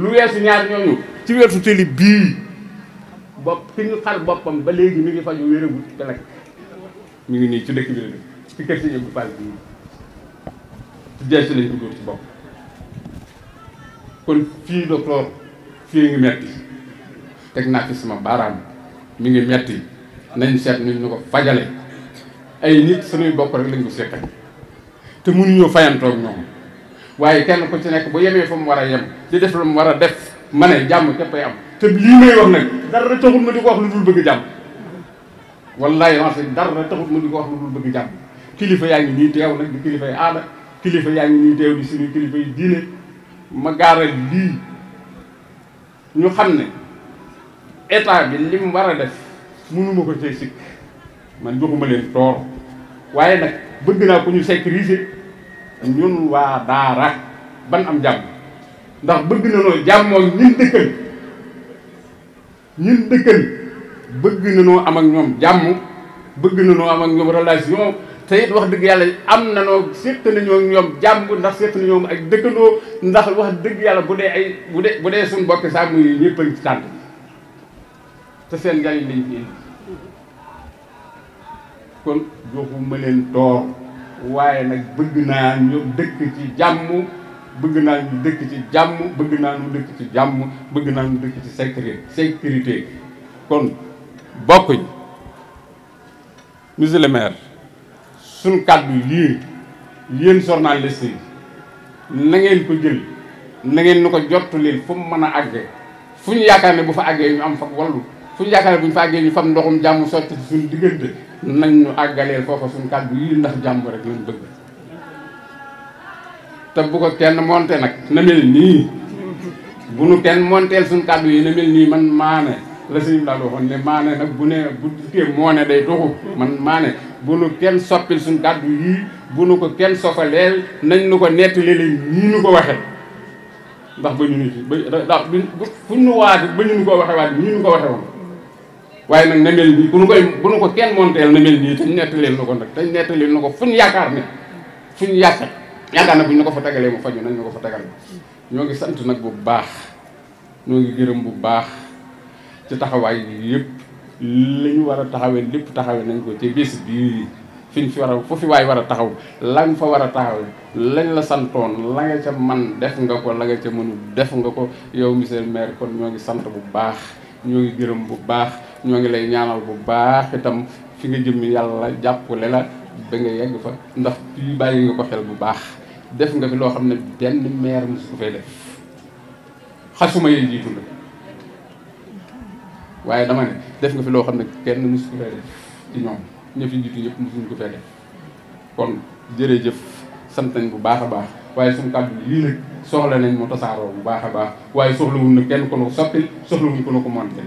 lu si ñaar ñooñu ci weesu tëli bii bopp ki ñu xar boppam ba léegi mi ngi faju wéeragul te nag mi ngi nii ci dëkk bi la dëkk ci kër si ñëpp bu pal bii ci deesi lañ ko dóor ci bopp kon fii docteur fii ngi metti teg naa ci sama baaraam mu ngi metti nañ seet nu ñu ko fajale ay nit suñuy bokk rek lañ ko seqal te mënuñoo fayantoog ñoom waaye kenn ko ci nekk bu yemee fa mu war a yem di def la mu war a def ma ne jàmm képp ay am te lii may wax nag dara taxul ma di ko wax lu dul bëgg jàmm wallaay lancé dara taxul ma di ko wax lu dul bëgg jàmm kilifa yaa ngi nii teew nag di kilifa yi aada kilifa yaa ngi nii teew di ma gaaral lii ñu xam ne état bi li war a def mënuma ko cee sikk man joxuma leen toor waaye nag bëgg naa ko ñu sécuriser ñun waa daara ban am jàmm ndax bëgg na noo jàmmoo ñun dëkkal ñun dëkkal bëgg na noo am ak ñoom jàmm bëgg na noo am ak ñoom relation te it wax dëgg yàlla am na noo séq nañoo ñoom jàmm ndax séq nañoo ak dëkkandoo ndax wax dëgg yàlla bu dee ay bu bu dee suñu bokki sàmm yi ñëpp ngi ci tànn te seen njariñ lañ kon joxuma leen toor waaye nag bëgg naa ñu dëkk ci jàmm bëgg naa ñu dëkk ci jàmm bëgg naa ñu dëkk ci jàmm bëgg naa ñu dëkk ci sécurité sécurité kon bokkuñ monsieur le suñ kàddu yii yéen journaliste lessi na ko jël na ngeen nu ko jottali fu mu mën a àggee fu ñu yaakaar ne bu fa àggee ñu am fa wallu fu ñu yaakaar ne bu ñu fa àggee ñu fam ndoxum jàmm sotti ci suñ diggante nañ ñu àggaleel foofa suñ kàddu yii ndax jàmm rek lañ bëgg te bu ko kenn monte nag na mel nii bu nu kenn monteel suñ kàddu yi na mel man maa la suñu daal waxoon ne maane nag bu ne bu dikkee moo ne day doxu man maane bu nu kenn soppil suñu kàddu yii bu nu ko kenn sofaleel nañ nu ko nettali la ñu nu ko waxee ndax ba ñu nu ci ba fu ñu waati ñu nu ko waxee waat ñu nu ko waxee woon waaye nag na mel nii bu nu koy bu nu ko kenn monteel na mel nii te nettaleel na ko nag te nettaleel na ko fu ñu yaakaar ne fu ñu yaakaar yaakaar na bu ñu ko fa tagalee mu faju nañ na ko fa tagalee ñoo ngi sant nag bu baax ñoo ngi bu baax ci taxawaay yi yëpp li ñu war a taxawee lépp taxawee nañ ko ci bis bii fi ñu fi war a fu fi war a taxaw la fa war a taxaw lañ la santoon langa ca man def nga ko la nga ca mënul def nga ko yow monsieur le maire kon ñoo ngi sant bu baax ñoo ngi gërëm bu baax ñoo ngi lay ñaanal bu baax itam fi nga jëm yàlla jàppale la ba nga yegg fa ndax fii bàyyi nga ko xel bu baax def nga fi loo xam ne benn maire mosu ko fay def xasuma yee jiitu la waaye dama ne def nga fi loo xam ne kenn mosu ko fee ci ñoom ñëfi fi jiitu ñëpp mosuñu ko fee def kon jërëjëf sant nañ bu baax a baax waaye suñu kàddu lii nag soxla nañ moo tasaaroo bu baax a baax waaye soxlawul nag kenn ko na ko soppil soxlawuñ ko na ko monte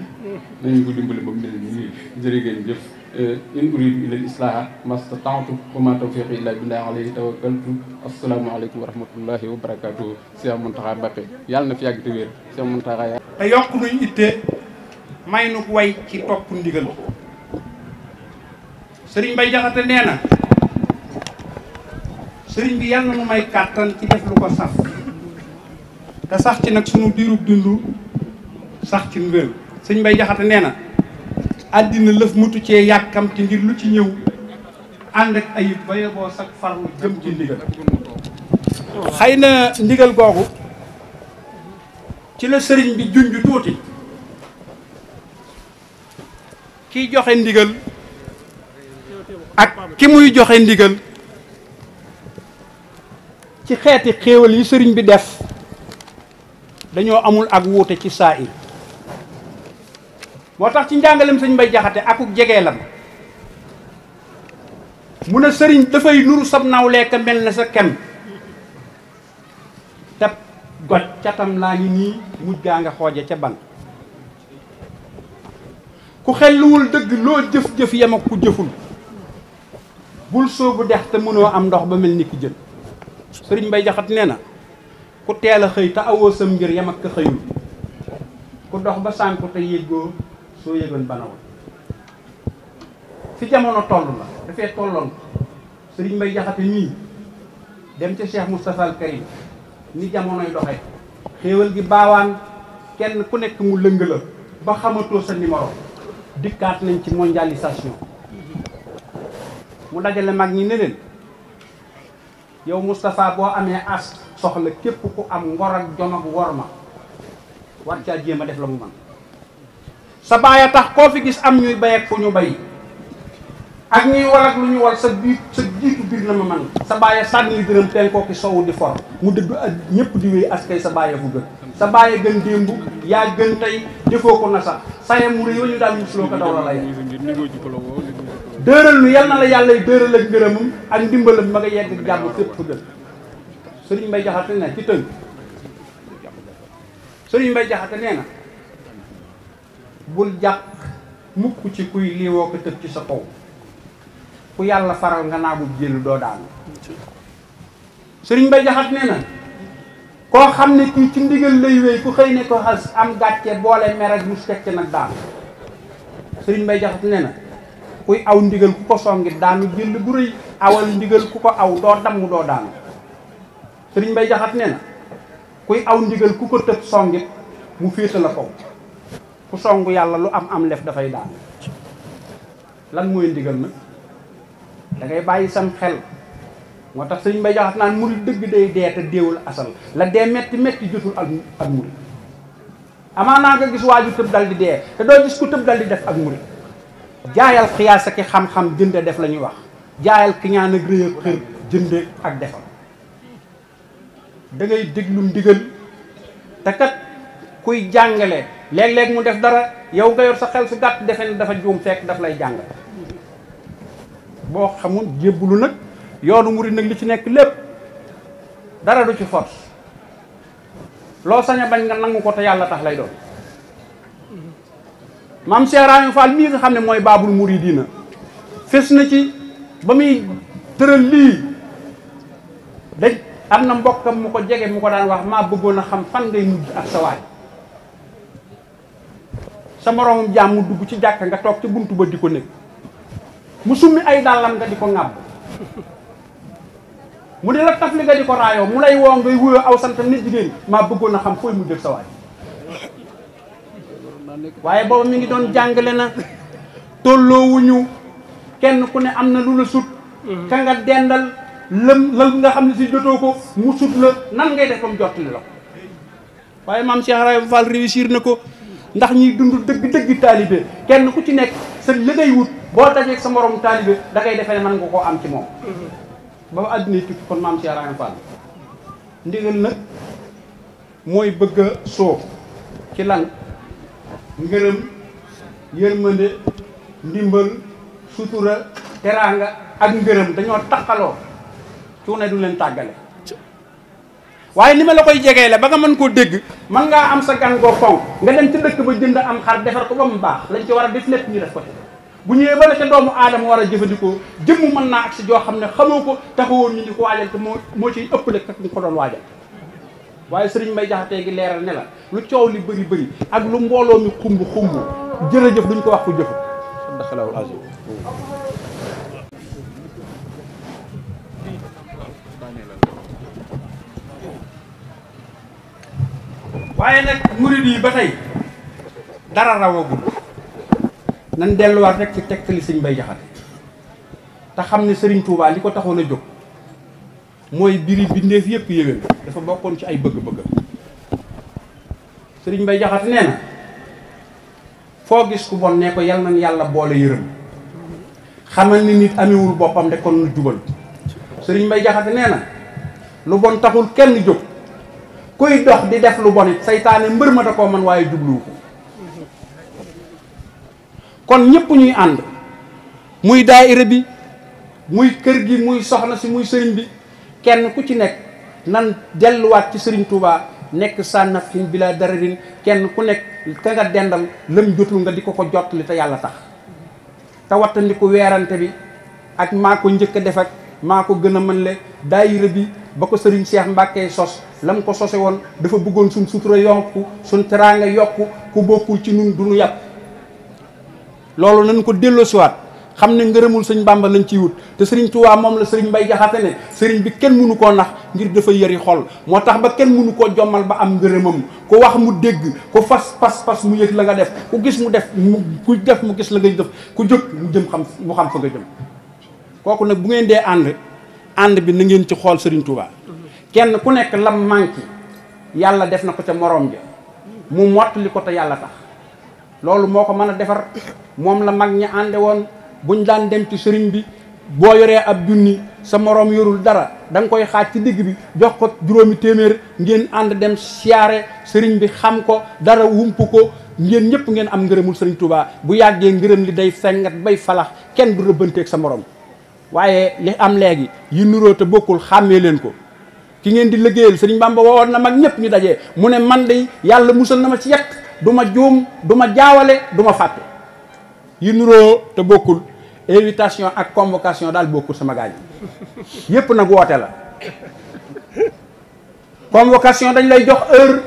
nañu ko dimbali ba mu mel nii jërë ngeen jëf eh, in uridu ila islaaha mastata'tu wa ma tawfiqi illa billah alayhi tawakkaltu asalaamaaleykum wa rahmatullahi wa barakatuh Cheikh Mountakha Mbacké yàlla na fi yàgg te wér Cheikh Mountakha te may nu way ci topp ndigal sëriñ Mbay Jaxate nee sëriñ bi yàlla nu may kàttan ci def lu ko saf te sax ci nag sunu diirub dund sax ci mbél sëriñ Mbay Jaxate nee na àddina lëf mutu cee yàkkamti ngir lu ci ñëw ànd ak ayib ba yeboo sag farlu jëm ci ndigal xëy na ndigal googu ci la sëriñ bi junj tuuti kiy joxe ndigal ak ki muy joxe ndigal ci xeeti xéewal yi sëriñ bi def dañoo amul ak wuute ci saa ir moo tax ci njàngalem sëñ Mbay Jaxate akuk jegeelam mu ne sëriñ dafay nuru sab nawle ka mel na sa kem te goj catam laa ngi nii mujj gaa nga xooje ca ban ku xelluwul dëgg loo jëf-jëf yem ak ku jëful bul soobu dex te mënoo am ndox ba mel ni ki jën sëriñ Mbay Jaxat nee na ku teel a xëy te awoo sam ngir yem ak ka xëyul ku dox ba sànku te yëggoo soo yëgoon banawul fi jamono toll la dafee tolloon sëriñ Mbay Jaxate nii dem ca Cheikh mu al Karim ni jamonoy doxee xéewal gi baawaan kenn ku nekk mu lëng la ba xamatoo sa numéro dikkaat nañ ci mondialisation mu dajale mag ñi ne leen yow Moustapha boo amee as soxla képp ku am ngor ak jom ak ma war caa jéem a def la mu man sa baay a tax koo fi gis am ñuy bay ak fu ñu bay ak ñuy wal ak lu ñu wal sa biir sa jiitu biir la ma man sa bàyyi sànni dërëm teen koo ki sowu di for mu dëgg ak ñëpp di wéy askay sa bàyyi fu gën sa bàyyi gën démb yaa gën tey defoo ko na sax saye mu rëy ñu daal musuloo ko daw la lay dëral nu yal na la yàlla dëral ak ngërëmam ak ndimbalam ma nga yegg jàmm fépp fu gën sëriñ Mbay Jaxate ne ci tënk sëriñ Mbay Jaxate nee na bul jàq mukk ci kuy liiwoo ko tëb ci sa kaw ku yàlla faral nga naagu jël doo daanu sëriñ bay jaxat nee na koo xam ne kii ci ndigal lay wéy ku xëy ne ko xas am gàcce boole mer ak mus ci nag daanu sëriñ bay jaxat nee na kuy aw ndigal ku ko songi daanu jël bu bay jaxat nee kuy aw ndigal ku ko tëb songit mu féeta la kaw ku song yàlla lu am am lef dafay daanu lan mooy ndigal nag da bàyyi sam xel moo tax sëñ Mbay Jaxate naan murit dëgg day dee te deewul asal la dee metti metti jotul ak ak murit amaanaa nga gis waaju tëb dal di dee te doo gis ku tëb dal di def ak murit jaayal xiyaas ak xam-xam jënde def la ñuy wax jaayal kiñaan ak rëy ak xër jënde ak defal da ngay déglu ndigal te kat kuy jàngale léeg-léeg mu def dara yow nga sa xel su gàtt defe ne dafa juum fekk daf lay jàngale boo xamul jébbalu nag yoonu murid nag li ci nekk lépp dara du ci force loo sañ a bañ nga nangu ko te yàlla tax lay doon maam Cheikh Rahim Fall mii nga xam ne mooy baabul muridina fes na ci ba muy tëral lii dañ am na mbokkam mu ko jege mu ko daan wax maa bëggoon a xam fan ngay mujj ak sa waay sa moroomam jaam mu dugg ci jàkka nga toog ci bunt ba di ko nekk mu summi ay dàllam nga di ko ŋàbb mu di la tafli nga di ko raayoo mu lay woo ngay wuyoo aw santam nit jigéen maa bëggoon a xam fooy mu jël sa waaye booba mi ngi doon jàngale na tolloowuñu kenn ku ne am na lu la sut ka nga dendal lëm lël nga xam ne si jotoo ko mu sut la nan ngay def ba mu jottali la ko waaye maam Cheikh Raye Fall réussir na ko ndax ñi dund dëgg-dëgg taalibe kenn ku ci nekk sa li wut boo dajeeg sa morom taalibe da ngay ne mën nga koo am ci moom mm-hmm. ba ba àddina tukki kon maam Cheikh Rahane Fall ndigal mooy bëgg a ci lan ngërëm yërmande ndimbal sutura teraanga ak ngërëm dañoo taqaloo cuune du leen tàggale waaye ni ma la koy jegee la ba nga mën koo dégg mën ngaa am sa gan goo fonk nga dem ci dëkk ba jënd am xar defar ko ba mu baax lañ ci war a def lépp ñu def ko ci bu ñëwee ba la ca doomu aadama war a jëfandikoo jëmm mën naa ak si joo xam ne xamoo ko woon ñu di ko waajal moo moo ciy ëppale kat ñu ko doon waajal waaye sëriñ Mbay Jaxate gi leeral ne la lu coow li bëri bëri ak lu mbooloo mi xumb xumb jërëjëf duñ ko wax ko jëfu daxalawul azim waaye nag murid yi ba tey dara rawagul nan delluwaat rek ci tegtali sëñ Mbay Jaxate te xam ne sëriñ Touba li ko taxoon a jóg mooy biri bindeef yëpp yëwén dafa bokkoon ci ay bëgg-bëgg sëriñ Mbay nee na foo gis ku bon ne ko yal nañ yàlla boole yërëm xamal ni nit amewul boppam de kon nu jubal sëriñ Mbay Jaxate nee na lu bon taxul kenn jóg kuy dox di def lu bonit seytaane mbër ma a koo mën waaye jubluwu kon ñëpp ñuy ànd muy daayira bi muy kër gi muy soxna si muy sëriñ bi kenn ku ci nekk nan delluwaat ci sëriñ Touba nekk sànnaf xin bila dararin kenn ku nekk ka nga dendal lëm jotul nga di ko ko jottali te yàlla tax te wattandi ko weerante bi ak maa ko njëkk a def maa ko gën a mën le daayira bi ba ko sëriñ Cheikh Mbacke sos lam ko sose woon dafa bëggoon suñ sutura yokku suñ teraanga yokku ku bokkul ci nun du ñu yàpp loolu nañ ko delloosiwaat xam ne ngërëmul sëñ mbàmba lañ ciy wut te sëriñ Tuubaa moom la sëriñ Mbay Jaxate sëriñ bi kenn mënu koo nax ngir dafa yëri xol moo tax ba kenn mënu koo jommal ba am ngërëmam ku wax mu dégg ku fas fas fas mu yëg la nga def ku gis mu def mu ku def mu gis la nga def ku jóg mu jëm xam mu xam fa nga kooku nag bu ngeen dee ànd ànd bi na ngeen ci xool Serigne Touba kenn ku nekk lam manqué yàlla def na ko ca moroom ja mu mottali ko te yàlla tax loolu moo ko mën a defar moom la mag ñi ànde woon buñ daan dem ci sëriñ bi boo yoree ab junni sa moroom yorul dara da koy xaaj ci digg bi jox ko juróomi téeméer ngeen ànd dem siyaare sëriñ bi xam ko dara wump ko ngeen ñëpp ngeen am ngërëmul sëriñ Touba bu yàggee ngërëm li day fengat bay falax kenn du rëbbanteeg sa moroom waaye li am léegi yi nuroo te bokkul xàmmee leen ko ki ngeen di liggéeyal sëriñ Bamba wowoon na mag ñëpp ñu daje mu ne man de yàlla musal na ma ci yàq du ma juum du ma jaawale du ma fàtte yi nuroo te bokkul invitation ak convocation daal bokkul sama gaañ yépp nag woote la convocation dañ lay jox heure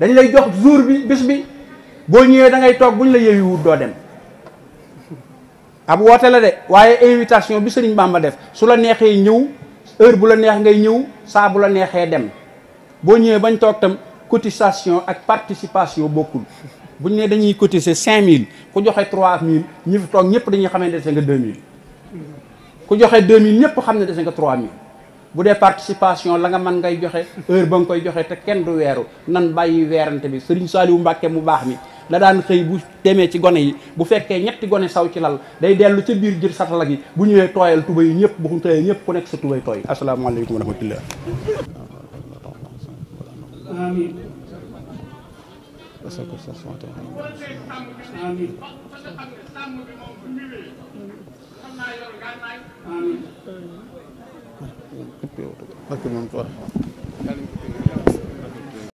dañ lay jox jour bi bis bi boo ñëwee da ngay toog buñ la yeewi wut doo dem ab woote la de waaye invitation bi sëriñ Bamba def su la neexee ñëw heure bu la neex ngay ñëw saa bu la neexee dem boo ñëwee bañ toog tam cotisation ak participation bokkul bu ñu ne dañuy cotiser cinq mille ku joxe trois mille ñu fi toog ñëpp dañuy xam ne dese nga deux mille ku joxe deux mille ñëpp xam ne dese nga trois mille bu dee participation la nga mën ngay joxe heure ba nga koy joxe te kenn du weeru nan bàyyi weerante bi sëriñ Saliou Mbacke mu baax mi la daan xëy bu demee ci gone yi bu fekkee ñetti gone saw ci lal day dellu ca biir jër satala gi bu ñëwee tooyal tuba yi ñëpp bu ñu ñëpp ku nekk sa tubay tooy asalaamaaleykum wa rahmatullah amin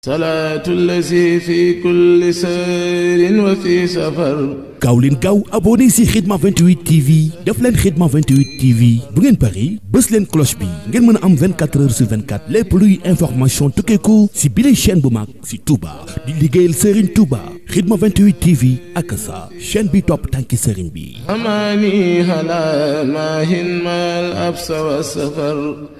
salaatu lazi fi kulli sayrin wa fi safar gaaw leen gaaw abonné si Khidma 28 TV def leen Khidma 28 TV bu ngeen pari bës leen cloche bi ngeen mën a am 24 heures sur 24 lépp luy information tukkeeku si bile chaîne bu mag si Touba di liggéeyal Serigne Touba Khidma 28 TV ak sa chaîne bi topp tànki Serigne bi amaani hala maahin mal absa wa safar